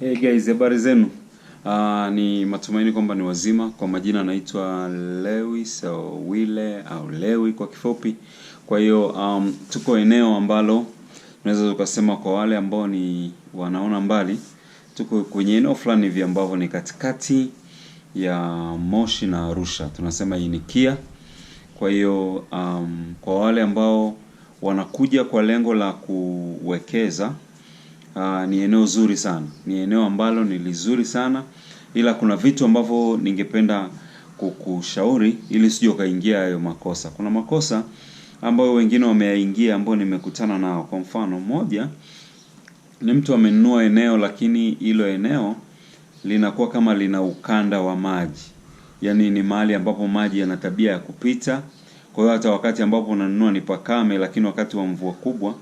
Hey guys, habari zenu? Uh, ni matumaini kwamba ni wazima. Kwa majina naitwa Lewis au Wile au Lewi kwa kifupi. Kwa hiyo um, tuko eneo ambalo tunaweza tukasema kwa wale ambao ni wanaona mbali, tuko kwenye eneo fulani hivi ambavyo ni katikati ya Moshi na Arusha, tunasema hii ni KIA. Kwa hiyo um, kwa wale ambao wanakuja kwa lengo la kuwekeza uh, ni eneo zuri sana, ni eneo ambalo ni lizuri sana, ila kuna vitu ambavyo ningependa kukushauri ili usije ukaingia hayo makosa. Kuna makosa ambayo wengine wameyaingia ambayo nimekutana nao. Kwa mfano, moja ni mtu amenunua eneo lakini hilo eneo linakuwa kama lina ukanda wa maji, yaani ni mahali ambapo maji yana tabia ya kupita. Kwa hiyo hata wakati ambapo unanunua ni pakame, lakini wakati wa mvua kubwa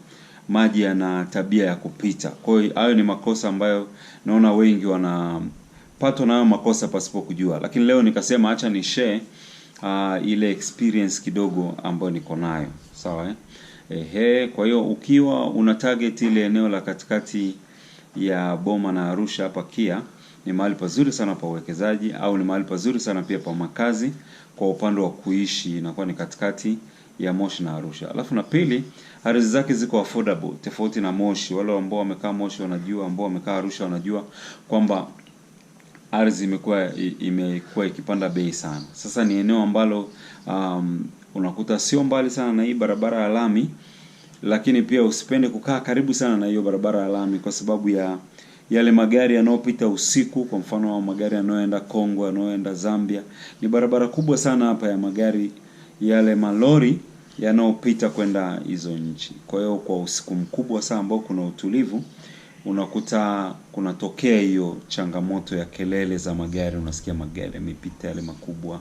maji yana tabia ya kupita. Kwa hiyo hayo ni makosa ambayo naona wengi wanapatwa nayo makosa pasipo kujua, lakini leo nikasema acha ni share uh, ah, ile experience kidogo ambayo niko nayo sawa eh? Ehe, kwa hiyo ukiwa una target ile eneo la katikati ya Boma na Arusha hapa KIA ni mahali pazuri sana pa uwekezaji au ni mahali pazuri sana pia pa makazi. Kwa upande wa kuishi inakuwa ni katikati ya Moshi na Arusha. Alafu na pili, ardhi zake ziko affordable tofauti na Moshi. Wale ambao wamekaa Moshi wanajua, ambao wamekaa Arusha wanajua kwamba ardhi imekuwa imekuwa ikipanda bei sana. Sasa ni eneo ambalo um, unakuta sio mbali sana na hii barabara ya lami, lakini pia usipende kukaa karibu sana na hiyo barabara ya lami kwa sababu ya yale magari yanayopita usiku. Kwa mfano magari yanayoenda Kongo, yanayoenda Zambia, ni barabara kubwa sana hapa ya magari yale malori yanayopita kwenda hizo nchi. Kwa hiyo kwa usiku mkubwa sana ambao kuna utulivu, unakuta kunatokea hiyo changamoto ya kelele za magari, unasikia magari yamepita yale makubwa.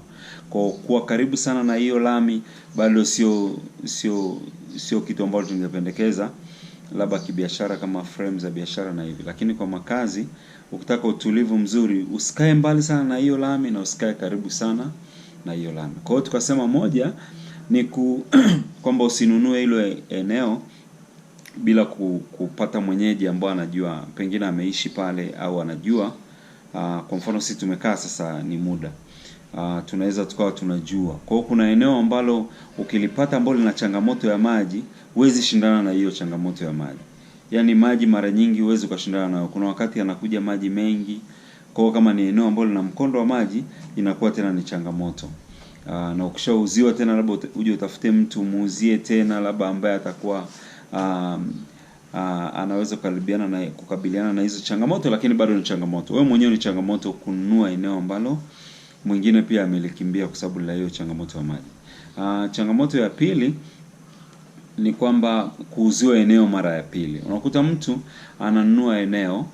Kwa kuwa karibu sana na hiyo lami bado sio sio sio kitu ambacho tungependekeza, labda kibiashara kama frame za biashara na hivi, lakini kwa makazi ukitaka utulivu mzuri, usikae mbali sana na hiyo lami na usikae karibu sana na hiyo lami. Kwa hiyo tukasema moja ni ku kwamba usinunue hilo eneo bila kupata mwenyeji ambaye anajua pengine ameishi pale au anajua. Uh, kwa mfano sisi tumekaa sasa ni muda uh, tunaweza tukawa tunajua. Kwa hiyo kuna eneo ambalo ukilipata ambalo lina changamoto ya maji, huwezi shindana na hiyo changamoto ya maji. Yaani maji mara nyingi huwezi ukashindana nayo. Kuna wakati anakuja maji mengi kwa kama ni eneo ambalo lina mkondo wa maji inakuwa tena ni changamoto. Aa, ah, na ukishauziwa tena labda uje utafute mtu muuzie tena labda ambaye atakuwa um, uh, anaweza kukaribiana na kukabiliana na hizo changamoto, lakini bado ni changamoto. Wewe mwenyewe ni changamoto kununua eneo ambalo mwingine pia amelikimbia kwa sababu la hiyo changamoto ya maji. Uh, changamoto ya pili ni kwamba kuuziwa eneo mara ya pili. Unakuta mtu ananunua eneo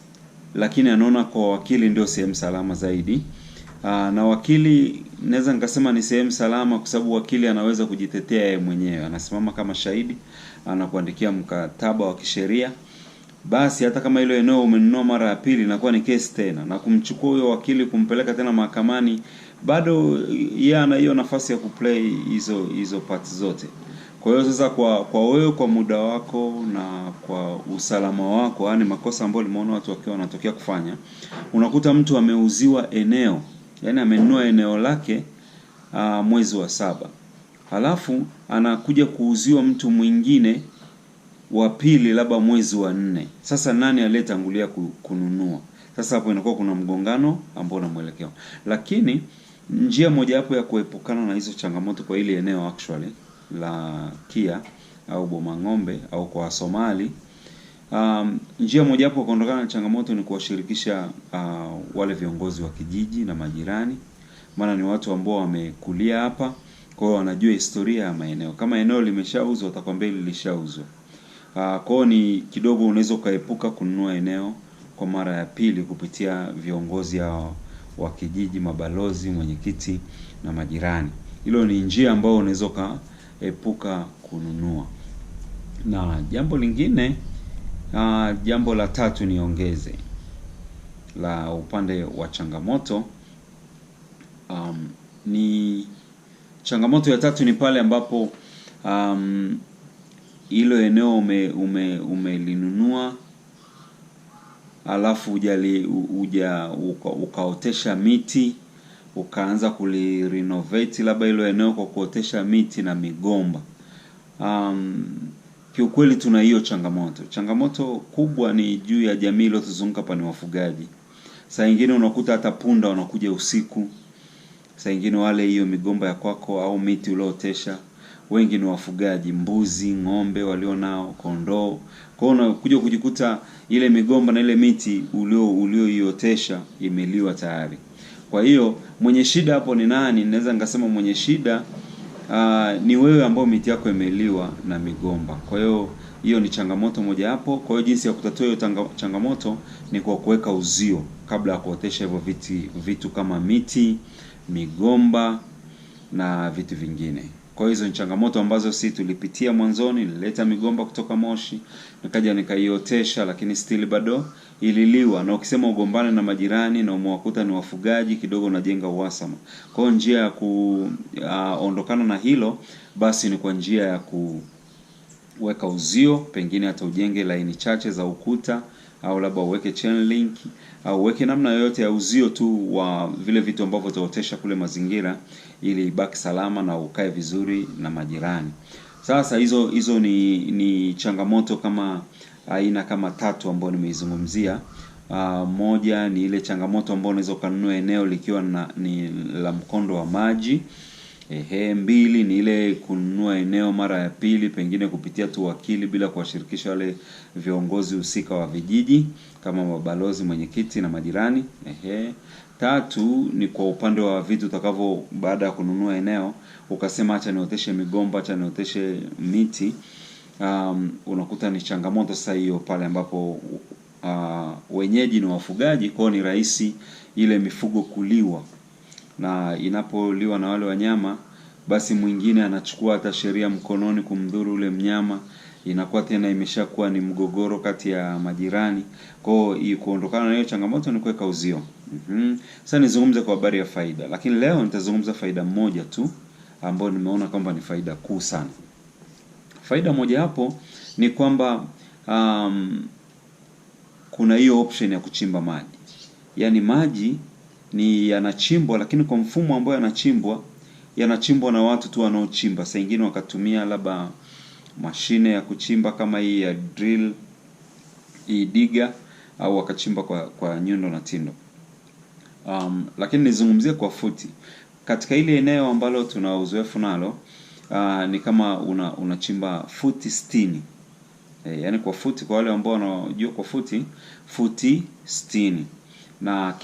lakini anaona kwa wakili ndio sehemu salama zaidi. Aa, ah, na wakili naweza nikasema ni sehemu salama kwa sababu wakili anaweza kujitetea yeye mwenyewe, anasimama kama shahidi, anakuandikia mkataba wa kisheria. Basi hata kama ilo eneo umenunua mara ya pili, inakuwa ni kesi tena, na kumchukua huyo wakili kumpeleka tena mahakamani, bado yeye ana hiyo nafasi ya kuplay hizo hizo parts zote. Kwa hiyo sasa, kwa kwa wewe, kwa muda wako na kwa usalama wako, yaani makosa ambayo limeona watu wakiwa wanatokea kufanya, unakuta mtu ameuziwa eneo, yaani amenunua eneo lake aa, ah, mwezi wa saba, halafu anakuja kuuziwa mtu mwingine wa pili, labda mwezi wa nne. Sasa nani aliyetangulia kununua? Sasa hapo inakuwa kuna mgongano ambao una mwelekeo, lakini njia mojawapo ya kuepukana na hizo changamoto kwa ile eneo actually la KIA au boma ng'ombe au kwa somali Um, njia mojawapo kuondokana na changamoto ni kuwashirikisha uh, wale viongozi wa kijiji na majirani, maana ni watu ambao wamekulia hapa, kwa hiyo wanajua historia ya maeneo. Kama eneo limeshauzwa watakwambia hili lishauzwa. Uh, kwa hiyo ni kidogo unaweza ukaepuka kununua eneo kwa mara ya pili kupitia viongozi hao wa kijiji, mabalozi, mwenyekiti na majirani. Hilo ni njia ambayo unaweza epuka kununua. Na jambo lingine uh, jambo la tatu niongeze la upande wa changamoto um, ni changamoto ya tatu ni pale ambapo um, hilo eneo ume, ume, umelinunua alafu ujali uja ukaotesha uka miti ukaanza kulirenovate labda hilo eneo kwa kuotesha miti na migomba. Um, kiukweli tuna hiyo changamoto. Changamoto kubwa ni juu ya jamii iliyotuzunguka pa ni wafugaji. Saa nyingine unakuta hata punda wanakuja usiku, saa nyingine wale hiyo migomba ya kwako au miti uliootesha. Wengi ni wafugaji, mbuzi, ng'ombe walio nao, kondoo. Kwa hiyo unakuja kujikuta ile migomba na ile miti ulio ulioiotesha imeliwa tayari. Kwa hiyo mwenye shida hapo ni nani? Naweza nikasema mwenye shida uh, ni wewe ambao miti yako imeliwa na migomba. Kwa hiyo hiyo ni changamoto moja hapo. Kwa hiyo jinsi ya kutatua hiyo changamoto ni kwa kuweka uzio kabla ya kuotesha hivyo vitu kama miti, migomba na vitu vingine. Kwa hizo ni changamoto ambazo si tulipitia mwanzoni. Nilileta migomba kutoka Moshi, nikaja nikaiotesha, lakini still bado ililiwa, na ukisema ugombane na majirani na umewakuta ni wafugaji, kidogo unajenga uhasama. Kwa hiyo njia ya kuondokana uh, na hilo basi ni kwa njia ya kuweka uzio, pengine hata ujenge laini chache za ukuta au labda uweke chain link au uweke namna yoyote ya uzio tu wa vile vitu ambavyo utaotesha kule mazingira, ili ibaki salama na ukae vizuri na majirani. Sasa hizo hizo ni ni changamoto kama aina kama tatu ambayo nimeizungumzia. Uh, moja ni ile changamoto ambayo unaweza ukanunua eneo likiwa na, ni la mkondo wa maji Ehe, mbili ni ile kununua eneo mara ya pili, pengine kupitia tu wakili bila kuwashirikisha wale viongozi husika wa vijiji kama mabalozi, mwenyekiti na majirani. Ehe. Tatu ni kwa upande wa vitu utakavyo, baada ya kununua eneo ukasema acha nioteshe migomba, acha nioteshe miti. Um, unakuta ni changamoto sasa hiyo pale ambapo uh, wenyeji ni wafugaji kwao, ni rahisi ile mifugo kuliwa na inapoliwa na wale wanyama, basi mwingine anachukua hata sheria mkononi kumdhuru ule mnyama inakuwa tena imeshakuwa ni mgogoro kati ya majirani. Kwa hiyo kuondokana na hiyo changamoto ni kuweka uzio. Mm-hmm. Sasa nizungumze kwa habari ya faida, lakini leo nitazungumza faida moja tu ambayo nimeona kwamba ni faida kuu sana. Faida moja hapo ni kwamba um, kuna hiyo option ya kuchimba maji, yaani maji ni yanachimbwa, lakini kwa mfumo ambao yanachimbwa yanachimbwa na watu tu wanaochimba. saingine wakatumia labda mashine ya kuchimba kama hii ya drill hii diga, au wakachimba kwa, kwa nyundo na tindo. Um, lakini nizungumzie kwa futi katika ile eneo ambalo tuna uzoefu nalo. Uh, ni kama una unachimba futi sitini e, yaani kwa futi, kwa wale ambao wanajua kwa futi, futi sitini na kila